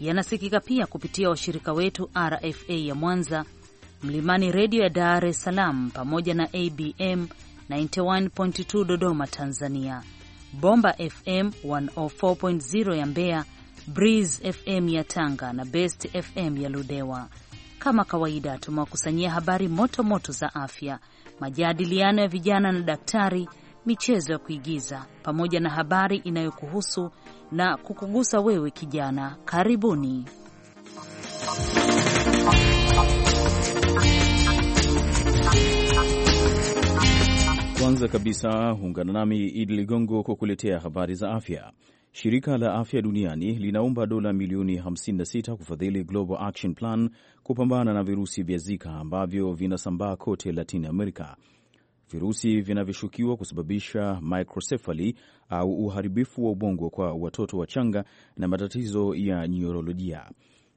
yanasikika pia kupitia washirika wetu RFA ya Mwanza, Mlimani Redio ya Dar es Salaam pamoja na ABM 91.2 Dodoma Tanzania, Bomba FM 104.0 ya Mbeya, Breeze FM ya Tanga na Best FM ya Ludewa. Kama kawaida, tumewakusanyia habari moto moto za afya, majadiliano ya vijana na daktari michezo ya kuigiza pamoja na habari inayokuhusu na kukugusa wewe kijana. Karibuni. Kwanza kabisa ungana nami Idi Ligongo kwa kuletea habari za afya. Shirika la Afya Duniani linaomba dola milioni 56 kufadhili Global Action Plan kupambana na virusi vya Zika ambavyo vinasambaa kote Latin America. Virusi vinavyoshukiwa kusababisha microsefali au uharibifu wa ubongo kwa watoto wachanga na matatizo ya nyurolojia.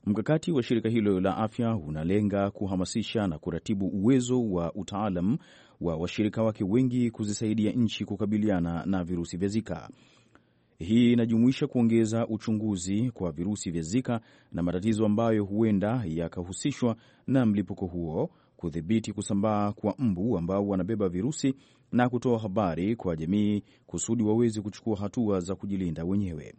Mkakati wa shirika hilo la afya unalenga kuhamasisha na kuratibu uwezo wa utaalam wa washirika wake wengi kuzisaidia nchi kukabiliana na virusi vya Zika. Hii inajumuisha kuongeza uchunguzi kwa virusi vya Zika na matatizo ambayo huenda yakahusishwa na mlipuko huo kudhibiti kusambaa kwa mbu ambao wanabeba virusi na kutoa habari kwa jamii kusudi waweze kuchukua hatua za kujilinda wenyewe.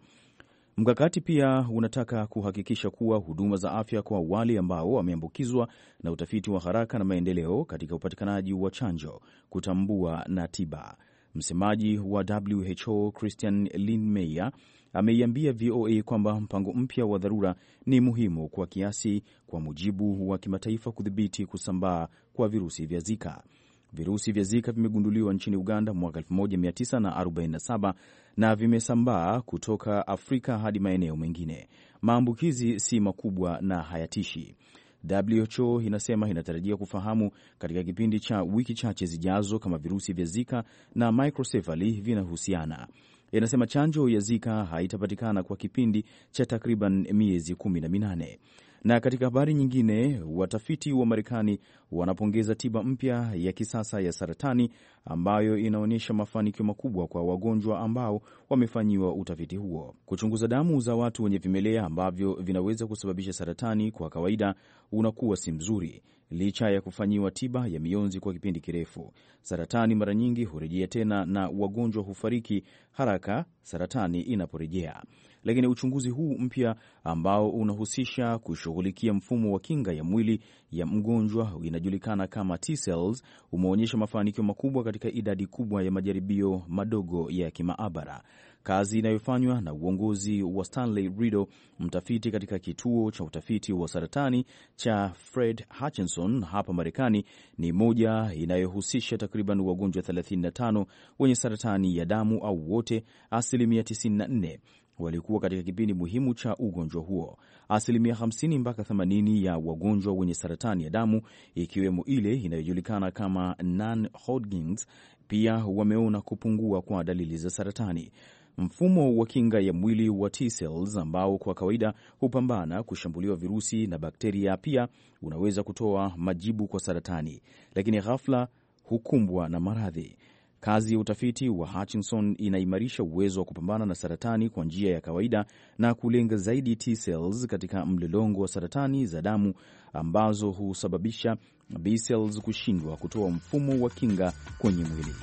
Mkakati pia unataka kuhakikisha kuwa huduma za afya kwa wale ambao wameambukizwa na utafiti wa haraka na maendeleo katika upatikanaji wa chanjo, kutambua na tiba. Msemaji wa WHO Christian Lindmeier ameiambia VOA kwamba mpango mpya wa dharura ni muhimu kwa kiasi kwa mujibu wa kimataifa kudhibiti kusambaa kwa virusi vya Zika. Virusi vya Zika vimegunduliwa nchini Uganda mwaka 1947 na vimesambaa kutoka Afrika hadi maeneo mengine. Maambukizi si makubwa na hayatishi. WHO inasema inatarajia kufahamu katika kipindi cha wiki chache zijazo kama virusi vya Zika na microsefali vinahusiana inasema chanjo ya Zika haitapatikana kwa kipindi cha takriban miezi kumi na minane. Na katika habari nyingine, watafiti wa Marekani wanapongeza tiba mpya ya kisasa ya saratani ambayo inaonyesha mafanikio makubwa kwa wagonjwa ambao wamefanyiwa utafiti huo. Kuchunguza damu za watu wenye vimelea ambavyo vinaweza kusababisha saratani kwa kawaida unakuwa si mzuri licha ya kufanyiwa tiba ya mionzi kwa kipindi kirefu. Saratani mara nyingi hurejea tena na wagonjwa hufariki haraka saratani inaporejea lakini uchunguzi huu mpya ambao unahusisha kushughulikia mfumo wa kinga ya mwili ya mgonjwa inajulikana kama T cells umeonyesha mafanikio makubwa katika idadi kubwa ya majaribio madogo ya kimaabara. Kazi inayofanywa na uongozi wa Stanley Rido, mtafiti katika kituo cha utafiti wa saratani cha Fred Hutchinson hapa Marekani, ni moja inayohusisha takriban wagonjwa 35 wenye saratani ya damu au wote, asilimia 94 walikuwa katika kipindi muhimu cha ugonjwa huo. Asilimia 50 mpaka 80 ya wagonjwa wenye saratani ya damu ikiwemo ile inayojulikana kama non-Hodgkin's pia wameona kupungua kwa dalili za saratani. Mfumo wa kinga ya mwili wa T cells ambao kwa kawaida hupambana kushambuliwa virusi na bakteria pia unaweza kutoa majibu kwa saratani, lakini ghafla hukumbwa na maradhi. Kazi ya utafiti wa Hutchinson inaimarisha uwezo wa kupambana na saratani kwa njia ya kawaida na kulenga zaidi T cells katika mlolongo wa saratani za damu ambazo husababisha B cells kushindwa kutoa mfumo wa kinga kwenye mwili.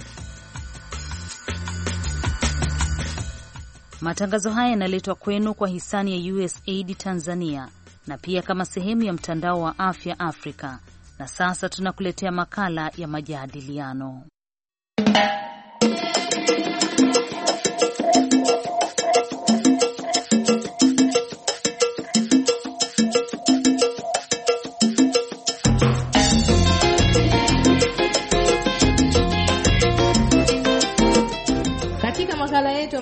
Matangazo haya yanaletwa kwenu kwa hisani ya USAID Tanzania na pia kama sehemu ya mtandao wa afya Afrika. Na sasa tunakuletea makala ya majadiliano.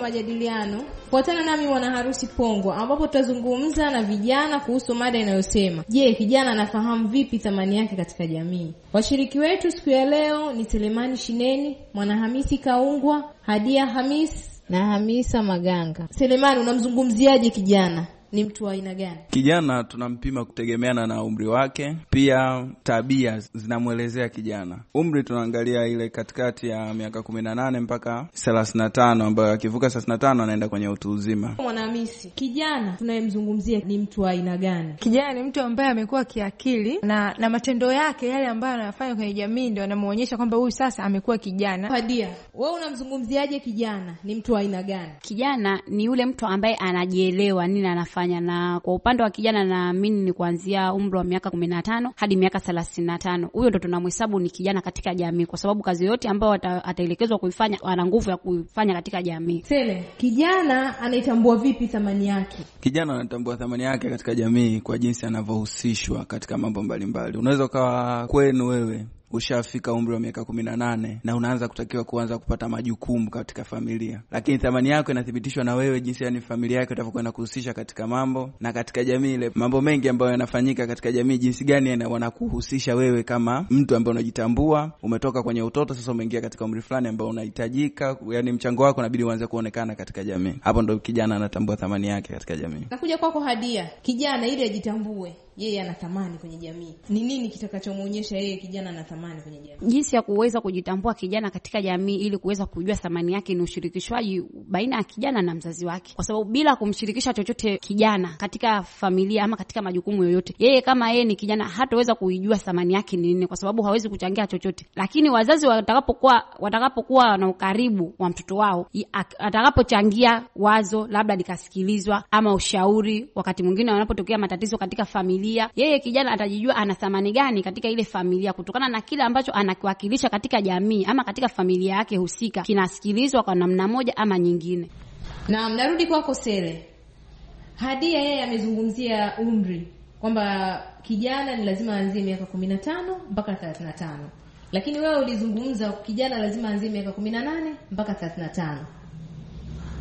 majadiliano, fuatana nami Mwana Harusi Pongo, ambapo tutazungumza na vijana kuhusu mada inayosema je, kijana anafahamu vipi thamani yake katika jamii? Washiriki wetu siku ya leo ni Selemani Shineni, Mwanahamisi Kaungwa, Hadia Hamis na Hamisa Maganga. Selemani, unamzungumziaje kijana? ni mtu wa aina gani? Kijana tunampima kutegemeana na umri wake, pia tabia zinamwelezea kijana. Umri tunaangalia ile katikati ya miaka kumi na nane mpaka thelathini na tano ambayo akivuka thelathini na tano anaenda kwenye utu uzima. Mwanahamisi, kijana tunayemzungumzia ni mtu wa aina gani? Kijana ni mtu ambaye amekuwa kiakili na na matendo yake yale ambayo anayafanya kwenye jamii ndio anamwonyesha kwamba huyu sasa amekuwa kijana. Fadia, we unamzungumziaje kijana? Ni mtu wa aina gani? Kijana ni yule mtu ambaye anajielewa nini anafanya kufanya. Na kwa upande wa kijana, naamini ni kuanzia umri wa miaka kumi na tano hadi miaka thelathini na tano Huyo ndo tunamhesabu ni kijana katika jamii, kwa sababu kazi yote ambayo ataelekezwa kuifanya ana nguvu ya kuifanya katika jamii. Sele, kijana anaitambua vipi thamani yake? Kijana anatambua thamani yake katika jamii kwa jinsi anavyohusishwa katika mambo mbalimbali. Unaweza ukawa kwenu wewe ushafika umri wa miaka kumi na nane na unaanza kutakiwa kuanza kupata majukumu katika familia, lakini thamani yako inathibitishwa na wewe, jinsi yani familia yako itavyokwenda kuhusisha katika mambo na katika jamii ile, mambo mengi ambayo yanafanyika katika jamii, jinsi gani wanakuhusisha wewe kama mtu ambaye unajitambua, umetoka kwenye utoto, sasa umeingia katika umri fulani ambao unahitajika, yani mchango wako nabidi uanze kuonekana katika jamii. Hapo ndo kijana anatambua thamani yake katika jamii. Nakuja kwako Hadia, kijana ili ajitambue yeye ana thamani kwenye jamii. Ni nini kitakachomwonyesha yeye kijana ana thamani kwenye jamii? Jinsi ya kuweza kujitambua kijana katika jamii ili kuweza kujua thamani yake ni ushirikishwaji baina ya kijana na mzazi wake, kwa sababu bila kumshirikisha chochote kijana katika familia ama katika majukumu yoyote, yeye kama yeye ni kijana hataweza kuijua thamani yake ni nini, kwa sababu hawezi kuchangia chochote. Lakini wazazi watakapokuwa watakapokuwa na ukaribu wa mtoto wao, atakapochangia wazo labda likasikilizwa ama ushauri, wakati mwingine wanapotokea matatizo katika familia familia, yeye kijana atajijua ana thamani gani katika ile familia kutokana na kile ambacho anakiwakilisha katika jamii ama katika familia yake husika, kinasikilizwa kwa namna moja ama nyingine. Na mnarudi kwako Sele, Hadia yeye amezungumzia umri kwamba kijana ni lazima aanzie miaka 15 mpaka 35, lakini wewe ulizungumza kijana lazima aanzie miaka 18 mpaka 35.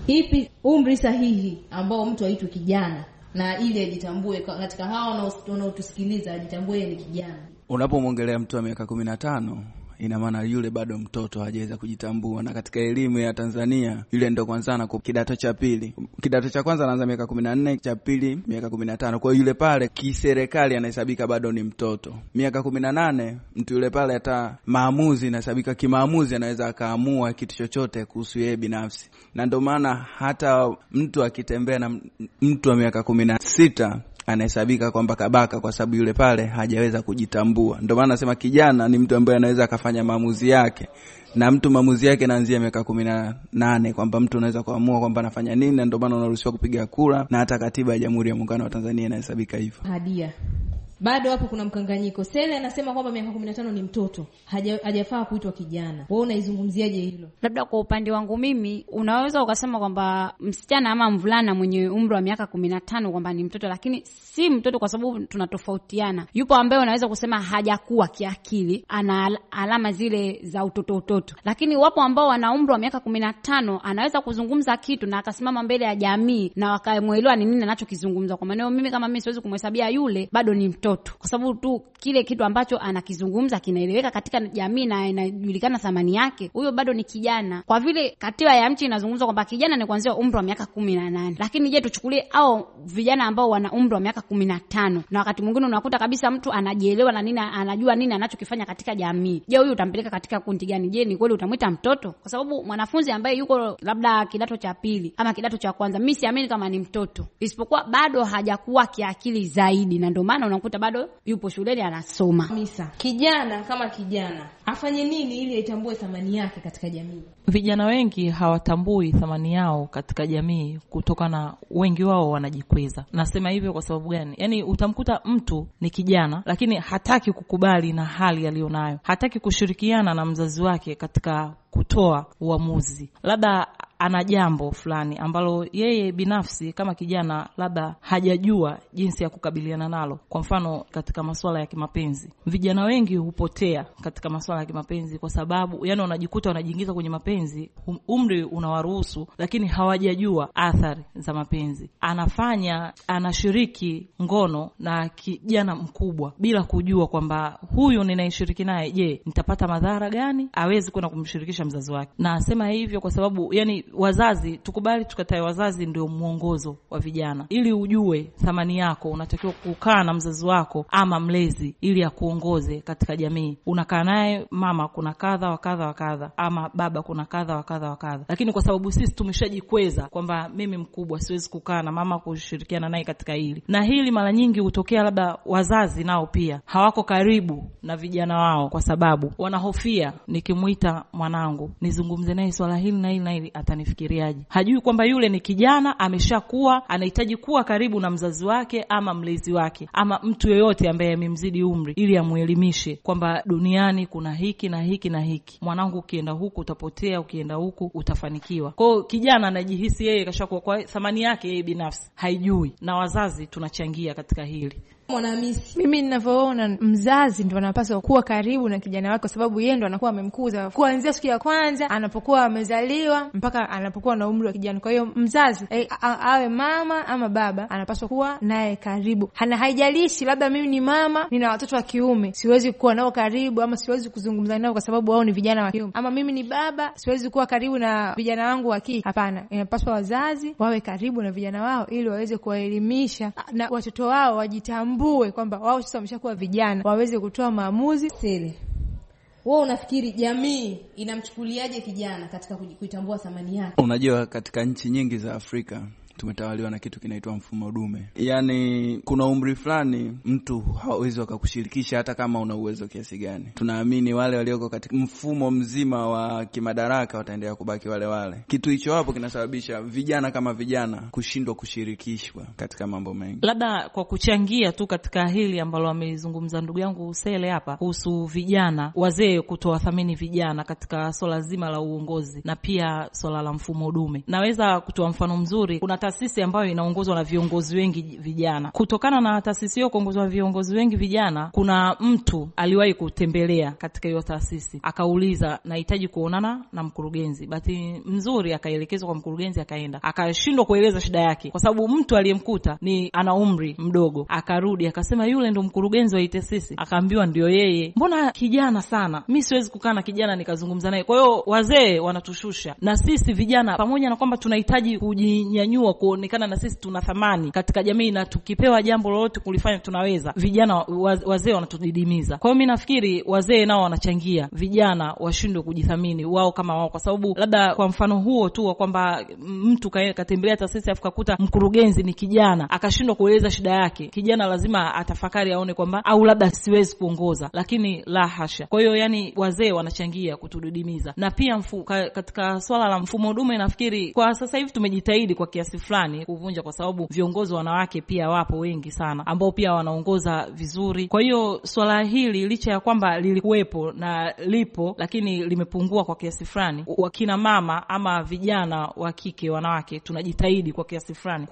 Ipi umri sahihi ambao mtu aitwe kijana na ili ajitambue katika hawa wanaotusikiliza, ajitambue ni kijana. Unapomwongelea mtu wa miaka kumi na tano ina maana yule bado mtoto hajaweza kujitambua, na katika elimu ya Tanzania yule ndo kwanza na kidato cha pili. Kidato cha kwanza anaanza miaka kumi na nne, cha pili miaka kumi na tano. Kwa hiyo yule pale kiserikali anahesabika bado ni mtoto. Miaka kumi na nane mtu yule pale hata maamuzi inahesabika kimaamuzi, anaweza akaamua kitu chochote kuhusu yeye binafsi, na ndio maana hata mtu akitembea na mtu wa miaka kumi na sita anahesabika kwamba kabaka kwa sababu yule pale hajaweza kujitambua. Ndio maana nasema kijana ni mtu ambaye anaweza akafanya maamuzi yake, na mtu maamuzi yake naanzia miaka kumi na nane kwamba mtu unaweza kuamua kwamba anafanya nini, na ndio maana unaruhusiwa kupiga kura, na hata katiba ya Jamhuri ya Muungano wa Tanzania inahesabika hivyo. Hadia bado hapo kuna mkanganyiko. Sele anasema kwamba miaka 15 ni mtoto, haja, hajafaa kuitwa kijana. Wewe unaizungumziaje hilo? Labda kwa upande wangu mimi, unaweza ukasema kwamba msichana ama mvulana mwenye umri wa miaka 15 kwamba ni mtoto, lakini si mtoto kwa sababu tunatofautiana. Yupo ambaye unaweza kusema hajakuwa kiakili, ana alama zile za utoto utoto, lakini wapo ambao wana umri wa miaka 15 anaweza kuzungumza kitu na akasimama mbele ya jamii na wakamwelewa ni nini anachokizungumza. Kwa maneno mimi, kama mimi siwezi kumhesabia yule bado ni mtoto mtoto, kwa sababu tu kile kitu ambacho anakizungumza kinaeleweka katika jamii na inajulikana thamani yake, huyo bado ni kijana. Kwa vile katiba ya nchi inazungumza kwamba kijana ni kuanzia umri wa miaka kumi na nane, lakini je, tuchukulie au vijana ambao wana umri wa miaka kumi na tano, na wakati mwingine unakuta kabisa mtu anajielewa na nini, anajua nini anachokifanya katika jamii. Je, huyu utampeleka katika kundi gani? Je, ni kweli utamwita mtoto? Kwa sababu mwanafunzi ambaye yuko labda kidato cha pili ama kidato cha kwanza, mi siamini kama ni mtoto, isipokuwa bado hajakuwa kiakili zaidi, na ndio maana unakuta bado yupo shuleni anasoma. Misa, kijana kama kijana afanye nini ili aitambue thamani yake katika jamii? Vijana wengi hawatambui thamani yao katika jamii, kutokana wengi wao wanajikweza. Nasema hivyo kwa sababu gani? Yaani utamkuta mtu ni kijana, lakini hataki kukubali na hali aliyonayo, hataki kushirikiana na mzazi wake katika kutoa uamuzi, labda ana jambo fulani ambalo yeye binafsi kama kijana labda hajajua jinsi ya kukabiliana nalo. Kwa mfano, katika masuala ya kimapenzi, vijana wengi hupotea katika masuala ya kimapenzi kwa sababu yani, wanajikuta wanajiingiza kwenye mapenzi, um, umri unawaruhusu, lakini hawajajua athari za mapenzi. Anafanya, anashiriki ngono na kijana mkubwa bila kujua kwamba huyu ninaishiriki naye, je, nitapata madhara gani? Awezi kwenda kumshirikisha kumfundisha mzazi wake. Na asema hivyo kwa sababu yani, wazazi tukubali tukatae, wazazi ndio mwongozo wa vijana. Ili ujue thamani yako, unatakiwa kukaa na mzazi wako ama mlezi ili akuongoze katika jamii. Unakaa naye mama, kuna kadha wa kadha wa kadha, ama baba, kuna kadha wa kadha wa kadha, lakini kwa sababu sisi tumeshajikweza kwamba mimi mkubwa, siwezi kukaa na mama kushirikiana naye katika hili na hili. Mara nyingi hutokea labda wazazi nao pia hawako karibu na vijana wao, kwa sababu wanahofia nikimwita mwanao wangu, nizungumze naye swala hili na hili na hili, atanifikiriaje? Hajui kwamba yule ni kijana ameshakuwa, anahitaji kuwa karibu na mzazi wake ama mlezi wake ama mtu yoyote ambaye amemzidi umri, ili amwelimishe kwamba duniani kuna hiki na hiki na hiki. Mwanangu, ukienda huku utapotea, ukienda huku utafanikiwa. Kwao kijana anajihisi yeye kashakuwa, kwa thamani yake yeye binafsi haijui, na wazazi tunachangia katika hili. Mwanamisi, mimi ninavyoona mzazi ndo anapaswa kuwa karibu na kijana wake, kwa sababu yeye ndo anakuwa amemkuza kuanzia siku ya kwanza anapokuwa amezaliwa mpaka anapokuwa na umri wa kijana. Kwa hiyo mzazi e, awe mama ama baba anapaswa kuwa naye karibu, hana haijalishi labda mimi ni mama nina watoto wa kiume, siwezi kuwa nao karibu ama siwezi kuzungumza nao kwa sababu wao ni vijana wa kiume, ama mimi ni baba siwezi kuwa karibu na vijana wangu wa kike. Hapana, inapaswa wazazi wawe karibu na vijana wao ili waweze kuwaelimisha na watoto wao wajitambue watambue kwamba wao sasa wameshakuwa vijana waweze kutoa maamuzi. Sele, wewe unafikiri jamii inamchukuliaje kijana katika kuitambua thamani yake? Unajua, katika nchi nyingi za Afrika tumetawaliwa na kitu kinaitwa mfumo dume, yani kuna umri fulani mtu hawezi wakakushirikisha hata kama una uwezo kiasi gani. Tunaamini wale walioko katika mfumo mzima wa kimadaraka wataendelea kubaki wale wale. Kitu hicho hapo kinasababisha vijana kama vijana kushindwa kushirikishwa katika mambo mengi. Labda kwa kuchangia tu katika hili ambalo amelizungumza ndugu yangu Usele hapa kuhusu vijana, wazee kutowathamini vijana katika swala zima la uongozi na pia swala la mfumo dume, naweza kutoa mfano mzuri. Kuna taasisi ambayo inaongozwa na viongozi wengi vijana. Kutokana na taasisi hiyo kuongozwa na viongozi wengi vijana, kuna mtu aliwahi kutembelea katika hiyo taasisi akauliza, nahitaji kuonana na mkurugenzi. Bahati mzuri akaelekezwa kwa mkurugenzi, akaenda akashindwa kueleza shida yake, kwa sababu mtu aliyemkuta ni ana umri mdogo. Akarudi akasema, yule ndo mkurugenzi wa taasisi? Akaambiwa ndio yeye. Mbona kijana sana, mi siwezi kukaa na kijana nikazungumza naye. Kwa hiyo wazee wanatushusha na sisi vijana, pamoja na kwamba tunahitaji kujinyanyua kujikwamua kuonekana na sisi tuna thamani katika jamii, na tukipewa jambo lolote kulifanya tunaweza. Vijana wazee wanatudidimiza. Kwa hiyo mi nafikiri wazee nao wanachangia vijana washindwe kujithamini wao kama wao, kwa sababu labda kwa mfano huo tu wa kwamba mtu katembelea taasisi afu kakuta mkurugenzi ni kijana akashindwa kueleza shida yake, kijana lazima atafakari aone kwamba au labda siwezi kuongoza, lakini la hasha. Kwa hiyo yani wazee wanachangia kutudidimiza, na pia mfu, katika swala la mfumo dume nafikiri kwa sasa hivi tumejitahidi kwa kiasi fulani kuvunja, kwa sababu viongozi wanawake pia wapo wengi sana ambao pia wanaongoza vizuri. Kwa hiyo swala hili licha ya kwamba lilikuwepo na lipo, lakini limepungua kwa kiasi fulani. Wakina mama ama vijana wa kike, wanawake, tunajitahidi kwa kiasi fulani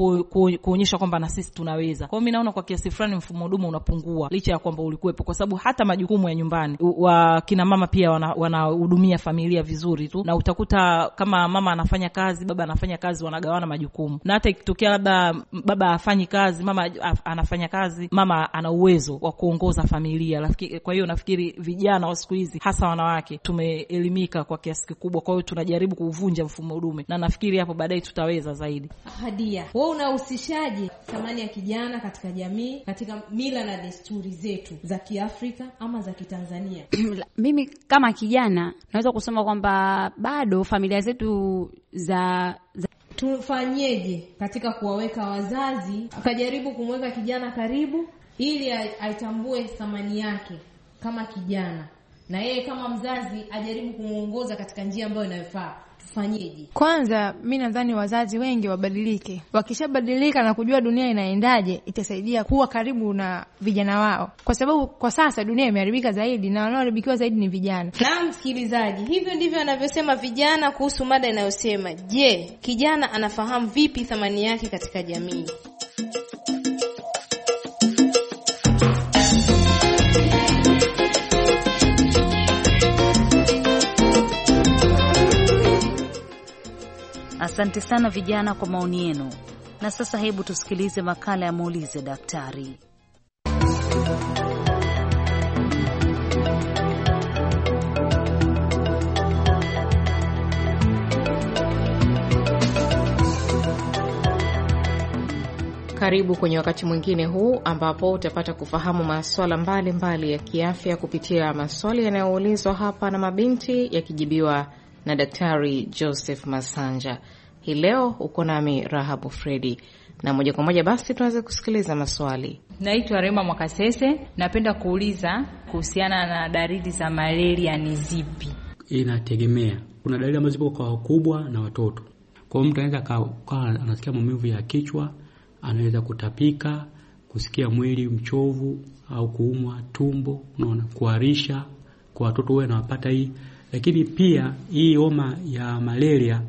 kuonyesha kwamba na sisi tunaweza. Kwa hiyo mi naona kwa kiasi fulani mfumo dume unapungua licha ya kwamba ulikuwepo, kwa sababu hata majukumu ya nyumbani wakina mama pia wanahudumia wana familia vizuri tu, na utakuta kama mama anafanya kazi, baba anafanya kazi, wanagawana majukumu na hata ikitokea labda baba afanyi kazi, mama anafanya kazi, mama ana uwezo wa kuongoza familia. Lafiki, kwa hiyo nafikiri vijana wa siku hizi hasa wanawake tumeelimika kwa kiasi kikubwa, kwa hiyo tunajaribu kuuvunja mfumo dume, na nafikiri hapo baadaye tutaweza zaidi. Hadia, wewe unahusishaje thamani ya kijana katika jamii, katika mila na desturi zetu za Kiafrika ama za Kitanzania? Mimi kama kijana naweza kusema kwamba bado familia zetu za, za tufanyeje katika kuwaweka wazazi, akajaribu kumweka kijana karibu ili aitambue thamani yake kama kijana, na yeye kama mzazi ajaribu kumwongoza katika njia ambayo inayofaa fanyeje? Kwanza mi nadhani wazazi wengi wabadilike. Wakishabadilika na kujua dunia inaendaje, itasaidia kuwa karibu na vijana wao, kwa sababu kwa sasa dunia imeharibika zaidi na wanaoharibikiwa zaidi ni vijana. na msikilizaji, hivyo ndivyo wanavyosema vijana kuhusu mada inayosema je, kijana anafahamu vipi thamani yake katika jamii? Asante sana vijana kwa maoni yenu. Na sasa hebu tusikilize makala ya muulize daktari. Karibu kwenye wakati mwingine huu ambapo utapata kufahamu maswala mbalimbali ya kiafya kupitia maswali yanayoulizwa hapa na mabinti yakijibiwa na Daktari Joseph Masanja hii leo uko nami Rahabu Fredi, na moja kwa moja basi tuanze kusikiliza maswali. Naitwa Rema Mwakasese, napenda kuuliza kuhusiana na dalili za malaria ni zipi? Inategemea, kuna dalili ambazo zipo kwa wakubwa na watoto. Kwa hiyo mtu anaweza anasikia maumivu ya kichwa, anaweza kutapika, kusikia mwili mchovu au kuumwa tumbo, unaona, kuharisha. Kwa watoto huwa anawapata hii, lakini pia hii homa ya malaria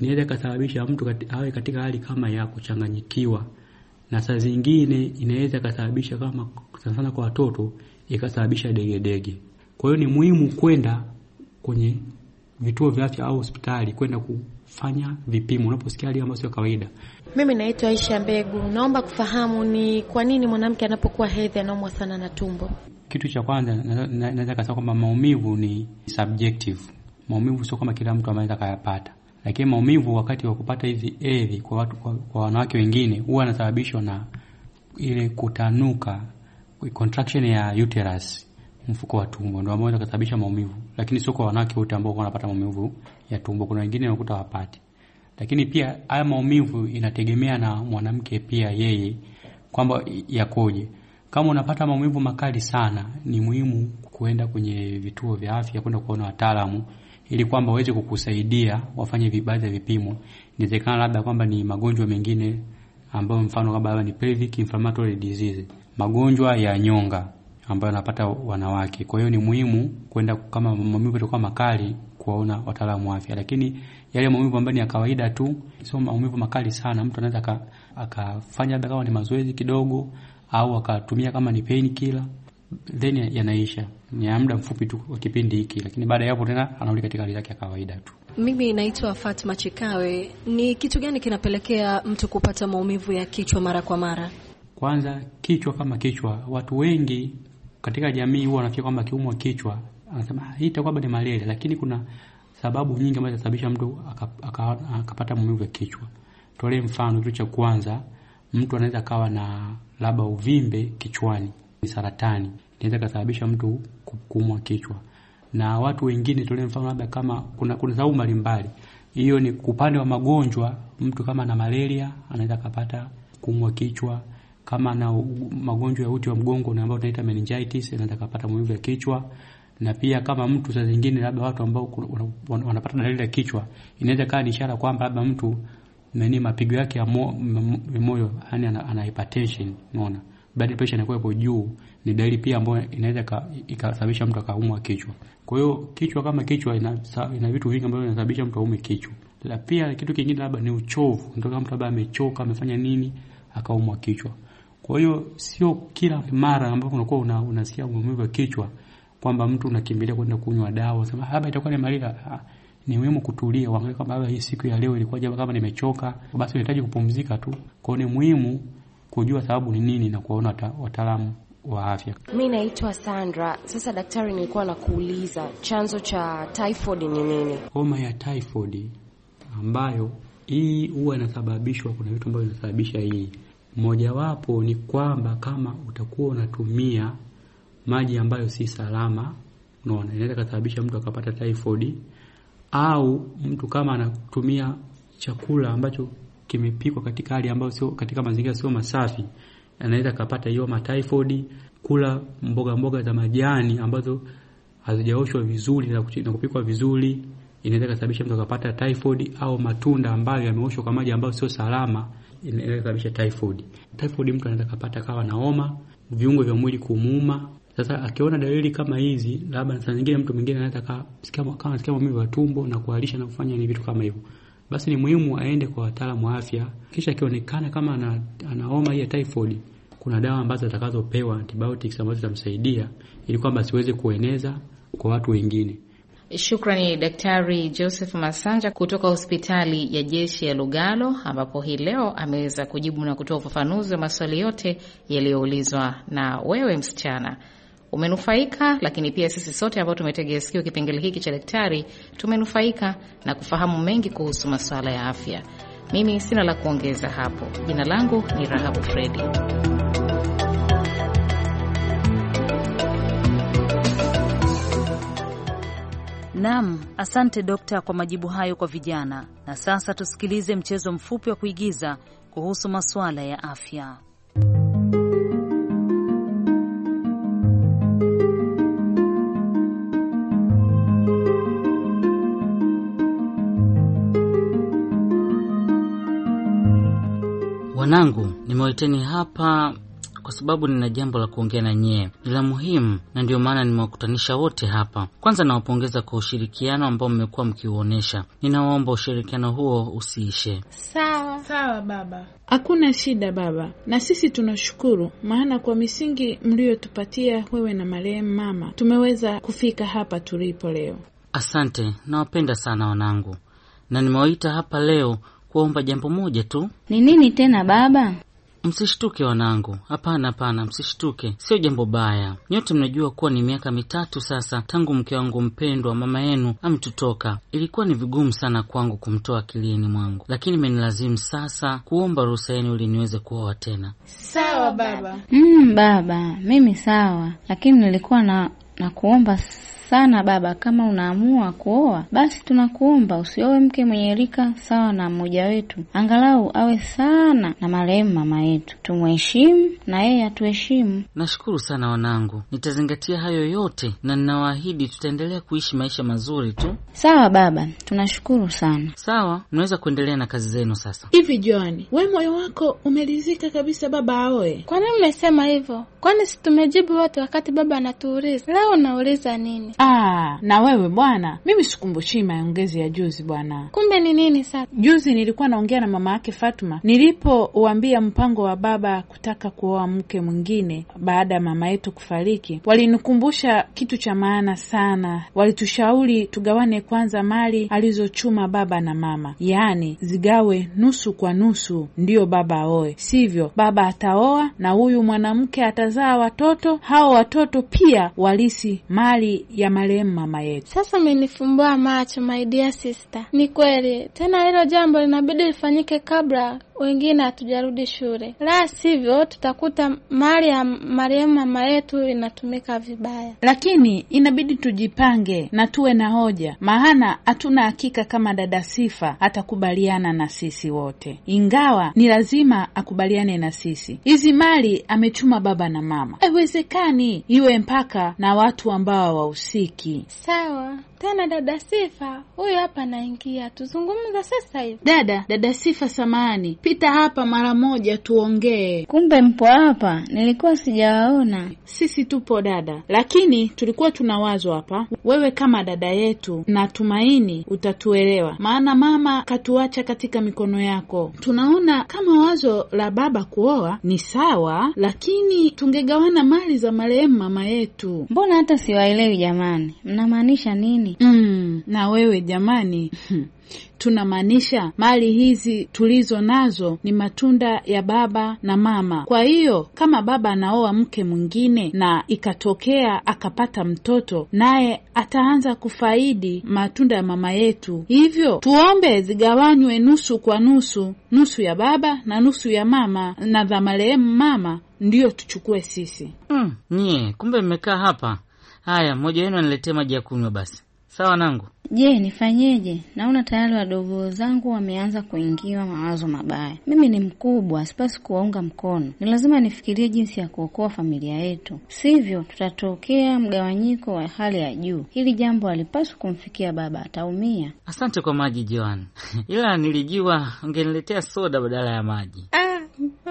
inaweza ikasababisha mtu kati, awe katika hali kama ya kuchanganyikiwa, na saa zingine inaweza ikasababisha kama sana sana kwa watoto ikasababisha degedege. Kwa hiyo ni muhimu kwenda kwenye vituo vya afya au hospitali kwenda kufanya vipimo unaposikia hali ambayo sio kawaida. Mimi naitwa Aisha Mbegu, naomba kufahamu ni kwa nini mwanamke anapokuwa hedhi anaumwa sana na tumbo. Kitu cha kwanza naweza kasema kwamba maumivu ni subjective. Maumivu sio kama kila mtu anaweza kayapata. Lakini maumivu wakati wa kupata hizi hedhi kwa watu, kwa, kwa wanawake wengine huwa yanasababishwa na ile kutanuka contraction ya uterus, mfuko wa tumbo, ndio ambao unasababisha maumivu, lakini sio kwa wanawake wote ambao wanapata maumivu ya tumbo. Kuna wengine wanakuta wapati, lakini pia haya maumivu inategemea na mwanamke pia yeye kwamba yakoje. Kama unapata maumivu makali sana, ni muhimu kuenda kwenye vituo vya afya, kwenda kuona wataalamu ili kwamba waweze kukusaidia wafanye baadhi ya vipimo. Inawezekana labda kwamba ni magonjwa mengine ambayo mfano kama ni pelvic inflammatory disease, magonjwa ya nyonga ambayo anapata wanawake. Kwa hiyo ni muhimu kwenda kama maumivu yatakuwa makali kuwaona wataalamu wa afya, lakini yale maumivu ambayo ni ya kawaida tu, sio maumivu makali sana, mtu anaweza akafanya labda kama ni mazoezi kidogo, au akatumia kama ni pain killer then yanaisha, ni ya muda mfupi tu wa kipindi hiki, lakini baada ya hapo tena anarudi katika hali yake ya kawaida tu. Mimi naitwa Fatma Chikawe. Ni kitu gani kinapelekea mtu kupata maumivu ya kichwa mara kwa mara? Kwanza kichwa kama kichwa, watu wengi katika jamii huwa wanafikia kwamba kiumwa kichwa anasema ah, hii itakuwa ni malaria, lakini kuna sababu nyingi ambazo zinasababisha mtu akapata maumivu ya kichwa. Tolee mfano, kitu cha kwanza, mtu anaweza akawa na labda uvimbe kichwani ni saratani, inaweza ikasababisha mtu kuumwa kichwa. Na watu wengine tulie mfano labda kama kuna, kuna sababu mbalimbali. Hiyo ni upande wa magonjwa. Mtu kama ana malaria anaweza akapata kuumwa kichwa, kama na magonjwa ya uti wa mgongo na ambao tunaita meningitis, anaweza kupata maumivu ya kichwa na pia kama mtu saa zingine labda watu ambao wanapata dalili ya kichwa inaweza kaa ni ishara kwamba labda mtu nani mapigo yake ya moyo, yani ana, ana hypertension unaona blood pressure inakuwa ipo juu, ni dalili pia ambayo inaweza ikasababisha mtu akaumwa kichwa. Kwa hiyo kichwa kama kichwa ina, ina vitu vingi ambavyo vinasababisha mtu aume kichwa. La pia kitu kingine labda ni uchovu, mtu kama mtu labda amechoka, amefanya nini akaumwa kichwa. Kwa hiyo sio kila mara ambapo unakuwa una, unasikia maumivu ya kichwa kwamba mtu unakimbilia kwenda kunywa dawa, sema haba itakuwa ni malaria. Ah, ni muhimu kutulia, uangalie kwamba hii siku ya leo ilikuwa, jambo kama nimechoka basi unahitaji kupumzika tu. Kwa hiyo ni muhimu kujua sababu ni nini na kuwaona wataalamu wa afya. Mi naitwa Sandra. Sasa daktari, nilikuwa nakuuliza chanzo cha typhoid ni nini? Homa ya typhoid ambayo hii huwa inasababishwa, kuna vitu ambavyo vinasababisha hii. Mojawapo ni kwamba kama utakuwa unatumia maji ambayo si salama, unaona inaweza kusababisha mtu akapata typhoid, au mtu kama anatumia chakula ambacho kimepikwa katika hali ambayo sio katika mazingira sio masafi, anaweza kapata hiyo typhoid. Kula mboga mboga za majani ambazo hazijaoshwa vizuri na kupikwa vizuri inaweza kusababisha mtu akapata typhoid, au matunda ambayo yameoshwa kwa maji ambayo sio salama inaweza kusababisha typhoid. Typhoid mtu anaweza kapata kawa na homa, viungo vya mwili kumuuma. Sasa akiona dalili kama hizi, labda saa nyingine mtu mwingine anaweza kama kama sikia maumivu ya tumbo na kuharisha na kufanya ni vitu kama hivyo basi ni muhimu aende kwa wataalamu wa afya. Kisha akionekana kama ana, ana homa ya typhoid, kuna dawa ambazo atakazopewa antibiotics ambazo zitamsaidia ili kwamba asiweze kueneza kwa watu wengine. Shukrani Daktari Joseph Masanja kutoka hospitali ya jeshi ya Lugalo, ambapo hii leo ameweza kujibu na kutoa ufafanuzi wa maswali yote yaliyoulizwa na wewe msichana umenufaika, lakini pia sisi sote ambao tumetegea sikio kipengele hiki cha daktari tumenufaika na kufahamu mengi kuhusu masuala ya afya. Mimi sina la kuongeza hapo. Jina langu ni Rahabu Fredi. Naam, asante dokta kwa majibu hayo kwa vijana. Na sasa tusikilize mchezo mfupi wa kuigiza kuhusu masuala ya afya. Nimeteni hapa kwa sababu nina jambo la kuongea na nyie, ni la muhimu na ndiyo maana nimewakutanisha wote hapa. Kwanza nawapongeza kwa ushirikiano ambao mmekuwa mkiuonyesha. Ninawaomba ushirikiano huo usiishe. Sawa sawa baba, hakuna shida baba, na sisi tunashukuru, maana kwa misingi mliyotupatia wewe na marehemu mama tumeweza kufika hapa tulipo leo. Asante, nawapenda sana wanangu, na nimewaita hapa leo kuwaomba jambo moja tu. Ni nini tena baba? Msishtuke wanangu, hapana hapana, msishtuke, sio jambo baya. Nyote mnajua kuwa ni miaka mitatu sasa tangu mke wangu mpendwa mama yenu amtutoka Ilikuwa ni vigumu sana kwangu kumtoa akilini mwangu, lakini imenilazimu sasa kuomba ruhusa yenu ili niweze kuoa tena. Sawa baba. Mm, baba mimi sawa, lakini nilikuwa na nakuomba sana baba, kama unaamua kuoa basi tunakuomba usiowe mke mwenye rika sawa na mmoja wetu, angalau awe sana na marehemu mama yetu, tumheshimu na yeye atuheshimu. Nashukuru sana wanangu, nitazingatia hayo yote na ninawaahidi tutaendelea kuishi maisha mazuri tu. Sawa baba, tunashukuru sana. Sawa, mnaweza kuendelea na kazi zenu sasa. Hivi Joani, we moyo wako umelizika kabisa baba aoe? Kwa nini mmesema hivyo? Kwani si tumejibu wote wakati baba anatuuliza? Leo unauliza nini? Ah, na wewe bwana, mimi sikumbushii maongezi ya juzi bwana. Kumbe ni nini sasa? Juzi nilikuwa naongea na mama yake Fatuma nilipouambia mpango wa baba kutaka kuoa mke mwingine baada ya mama yetu kufariki. Walinikumbusha kitu cha maana sana, walitushauri tugawane kwanza mali alizochuma baba na mama, yaani zigawe nusu kwa nusu, ndiyo baba aoe, sivyo baba ataoa na huyu mwanamke atazaa watoto, hao watoto pia walisi mali ya malemu marehemu mama yetu. Sasa umenifumbua macho, my dear sister. Ni kweli tena, hilo jambo linabidi lifanyike kabla wengine hatujarudi shule, la sivyo tutakuta mali ya marehemu mama yetu inatumika vibaya. Lakini inabidi tujipange na tuwe na hoja, maana hatuna hakika kama dada Sifa atakubaliana na sisi wote, ingawa ni lazima akubaliane na sisi. Hizi mali amechuma baba na mama, haiwezekani iwe mpaka na watu ambao wahusiki. Sawa, tena dada Sifa huyu hapa naingia, tuzungumza sasa hivi. Dada dada Sifa, samani pita hapa mara moja tuongee. Kumbe mpo hapa, nilikuwa sijawaona. Sisi tupo dada, lakini tulikuwa tunawazwa hapa. Wewe kama dada yetu, natumaini utatuelewa, maana mama katuacha katika mikono yako. Tunaona kama wazo la baba kuoa ni sawa, lakini tungegawana mali za marehemu mama yetu. Mbona hata siwaelewi jamani, mnamaanisha nini? jamani Mm, na wewe jamani hmm. tunamaanisha mali hizi tulizo nazo ni matunda ya baba na mama. Kwa hiyo kama baba anaoa mke mwingine na ikatokea akapata mtoto, naye ataanza kufaidi matunda ya mama yetu. Hivyo tuombe zigawanywe nusu kwa nusu, nusu ya baba na nusu ya mama, na za marehemu mama ndiyo tuchukue sisi. Mm, nie kumbe mmekaa hapa. Haya, mmoja wenu aniletee maji ya kunywa basi. Sawa nangu. Je, nifanyeje? Naona tayari wadogo zangu wameanza kuingiwa mawazo mabaya. Mimi ni mkubwa, sipasi kuwaunga mkono. Ni lazima nifikirie jinsi ya kuokoa familia yetu, sivyo tutatokea mgawanyiko wa hali ya juu. Hili jambo halipaswi kumfikia baba, ataumia. Asante kwa maji Joan. Ila nilijua ungeniletea soda badala ya maji. Ah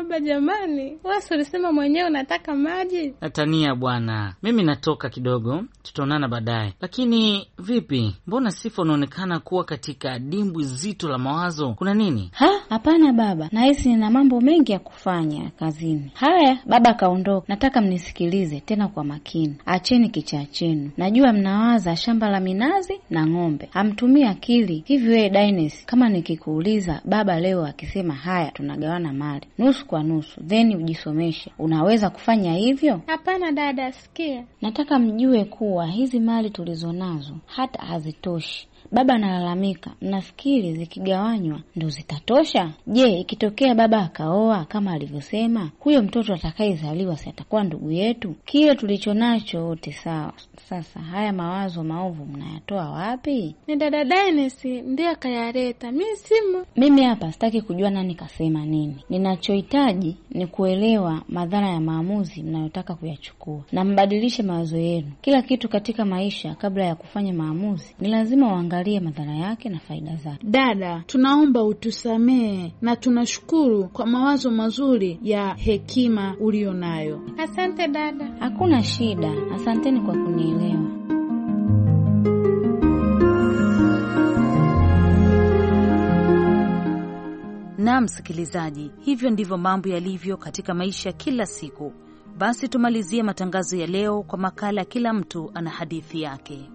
baba, jamani, wewe ulisema mwenyewe unataka maji. Natania bwana, mimi natoka kidogo, tutaonana baadaye. Lakini vipi, mbona Sifa unaonekana kuwa katika dimbwi zito la mawazo? Kuna nini? Ha, hapana baba, nahisi nina mambo mengi ya kufanya kazini. Haya baba akaondoka. Nataka mnisikilize tena kwa makini, acheni kichaa chenu. Najua mnawaza shamba la minazi na ng'ombe, hamtumii akili. Hivi wewe Dainis, kama nikikuuliza baba leo akisema haya tunagawana mali nusu kwa nusu, theni ujisomeshe. Unaweza kufanya hivyo? Hapana dada, sikia, nataka mjue kuwa hizi mali tulizo nazo hata hazitoshi Baba analalamika, nafikiri zikigawanywa ndo zitatosha? Je, ikitokea baba akaoa kama alivyosema, huyo mtoto atakayezaliwa si atakuwa ndugu yetu? Kile tulicho nacho wote sawa. Sasa haya mawazo maovu mnayatoa wapi? Ni dada Daines ndiye akayaleta, mi simu. Mimi hapa sitaki kujua nani kasema nini. Ninachohitaji ni kuelewa madhara ya maamuzi mnayotaka kuyachukua, na mbadilishe mawazo yenu. Kila kitu katika maisha, kabla ya kufanya maamuzi, ni lazima tuangalie madhara yake na faida zake. Dada, tunaomba utusamehe na tunashukuru kwa mawazo mazuri ya hekima uliyo nayo. Asante dada. Hakuna shida, asanteni kwa kunielewa. Na msikilizaji, hivyo ndivyo mambo yalivyo katika maisha kila siku. Basi tumalizie matangazo ya leo kwa makala, kila mtu ana hadithi yake.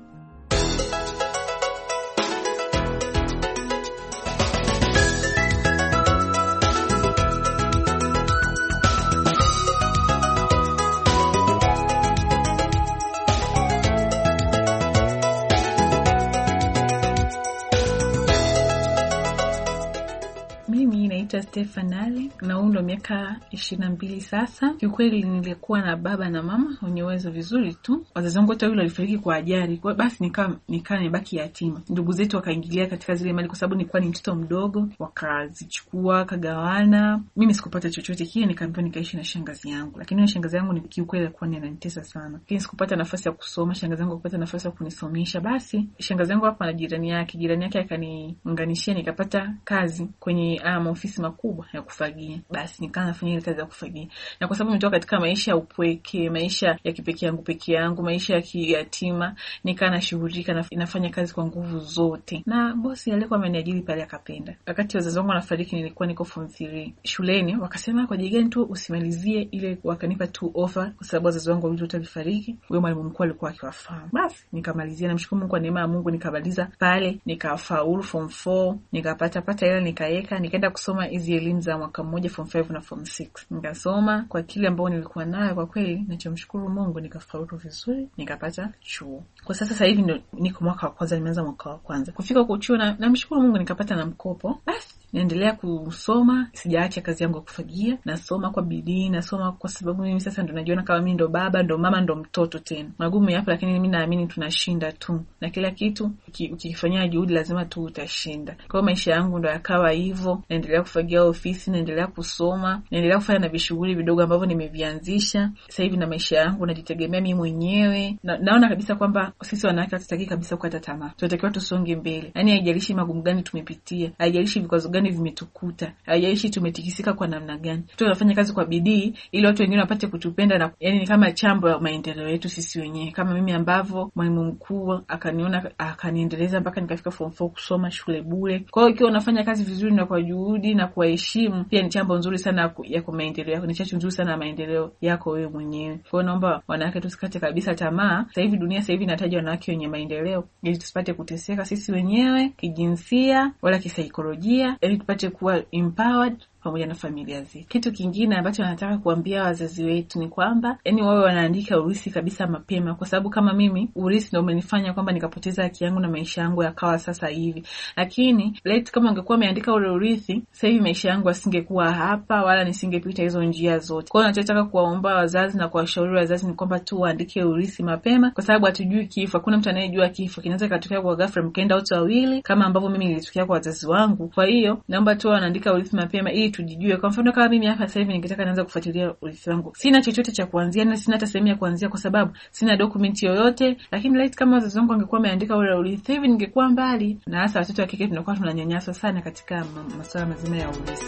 Stefanale na huu miaka ishirini na mbili sasa. Kiukweli nilikuwa na baba na mama wenye uwezo vizuri tu. Wazazi wangu wote wawili walifariki kwa ajali, kwa basi nikawa nikaa nimebaki yatima. Ndugu zetu wakaingilia katika zile mali, kwa sababu nilikuwa ni mtoto mdogo, wakazichukua kagawana. Mimi sikupata chochote kile, nikaambiwa nikaishi na shangazi yangu, lakini huyo shangazi yangu kiukweli alikuwa ananitesa sana, lakini sikupata nafasi ya kusoma. Shangazi yangu akupata nafasi ya kunisomesha. Basi shangazi yangu hapa na jirani yake, jirani yake akaniunganishia, nikapata kazi kwenye ah, maofisi makuu kubwa ya kufagia, basi nikawa nafanya ile kazi ya kufagia. Na kwa sababu nimetoka katika maisha ya upweke, maisha ya kipekee yangu peke yangu, maisha ya kiyatima, nikaa nashughulika, nafanya kazi kwa nguvu zote. Na bosi alikuwa ameniajiri pale akapenda. Wakati wazazi wangu wanafariki, nilikuwa niko form 3 shuleni, wakasema kwa jigani tu usimalizie ile, wakanipa tu offer kwa sababu wazazi wangu wawili wote walifariki. Huyo mwalimu mkuu alikuwa akiwafahamu, basi nikamalizia. Namshukuru Mungu kwa neema ya Mungu, nikamaliza pale, nikafaulu form 4 nikapata pata hela, nikaweka nikaenda kusoma hizi elimu za mwaka mmoja form 5 na form 6. Nikasoma kwa kile ambao nilikuwa nayo, kwa kweli nachomshukuru Mungu nikafaulu vizuri, nikapata chuo. Kwa sasa sasa hivi niko mwaka wa kwanza, nimeanza mwaka wa kwanza kufika kwa chuo, na namshukuru Mungu nikapata na mkopo. Basi naendelea kusoma, sijaacha kazi yangu ya kufagia. Nasoma kwa bidii, nasoma kwa sababu mimi sasa ndo najiona kama mimi ndo baba, ndo mama, ndo mtoto tena. Magumu yapo, lakini mimi naamini tunashinda tu, na kila kitu ukifanyia juhudi lazima tu utashinda. Kwa hiyo maisha yangu ndo yakawa hivyo, naendelea kufagia ofisi, naendelea kusoma, naendelea kufanya na vishughuli vidogo ambavyo nimevianzisha sasa hivi, na maisha yangu najitegemea mimi mwenyewe na, naona kabisa kwamba sisi wanawake hatutaki kabisa kukata tamaa, tunatakiwa tusonge mbele, Yani haijalishi magumu gani tumepitia, haijalishi vikwazo gani gani vimetukuta, haijalishi tumetikisika kwa namna gani, tunafanya kazi kwa bidii ili watu wengine wapate kutupenda na, yani ni kama chambo ya maendeleo yetu sisi wenyewe, kama mimi ambavyo mwalimu mkuu akaniona akaniendeleza mpaka nikafika form 4 kusoma shule bure. Kwa hiyo ikiwa unafanya kazi vizuri na kwa juhudi na kuwaheshimu, pia ni chambo nzuri sana ya kwa maendeleo yako, ni chachu nzuri sana ya maendeleo yako wewe mwenyewe. Kwa hiyo naomba wanawake tusikate kabisa tamaa. Sasa hivi dunia sasa hivi inataja wanawake wenye maendeleo, ili tusipate kuteseka sisi wenyewe kijinsia wala kisaikolojia eight were empowered pamoja na familia zetu. Kitu kingine ambacho nataka kuambia wazazi wetu ni kwamba yani, wawe wanaandika urithi kabisa mapema, kwa sababu kama mimi urithi ndio umenifanya kwamba nikapoteza haki yangu na maisha yangu yakawa sasa hivi, lakini late kama angekuwa ameandika ule urithi, sasa hivi maisha yangu asingekuwa hapa, wala nisingepita hizo njia zote. Kwa hiyo nachotaka kuwaomba wazazi na kuwashauri wazazi ni kwamba tu waandike urithi mapema, kwa sababu hatujui kifo. Hakuna mtu anayejua kifo, kinaweza ikatokea kwa ghafla, mkaenda wote wawili, kama ambavyo mimi nilitokea kwa wazazi wangu. Kwa hiyo naomba tu wanaandika urithi mapema ili tujijue. Kwa mfano kama mimi hapa sasa hivi ningetaka naanza kufuatilia urithi wangu, sina chochote cha kuanzia na sina hata sehemu ya kuanzia, kwa sababu sina dokumenti yoyote. Lakini light kama wazazi wangu wangekuwa wameandika ule urithi hivi, ningekuwa mbali. Na hasa watoto wa kike tunakuwa tunanyanyaswa sana katika masuala mazima ya urithi.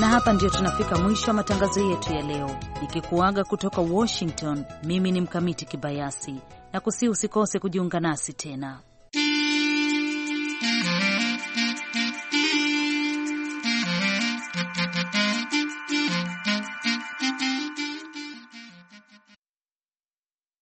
Na hapa ndio tunafika mwisho wa matangazo yetu ya leo, nikikuaga kutoka Washington. Mimi ni Mkamiti Kibayasi na kusi, usikose kujiunga nasi tena.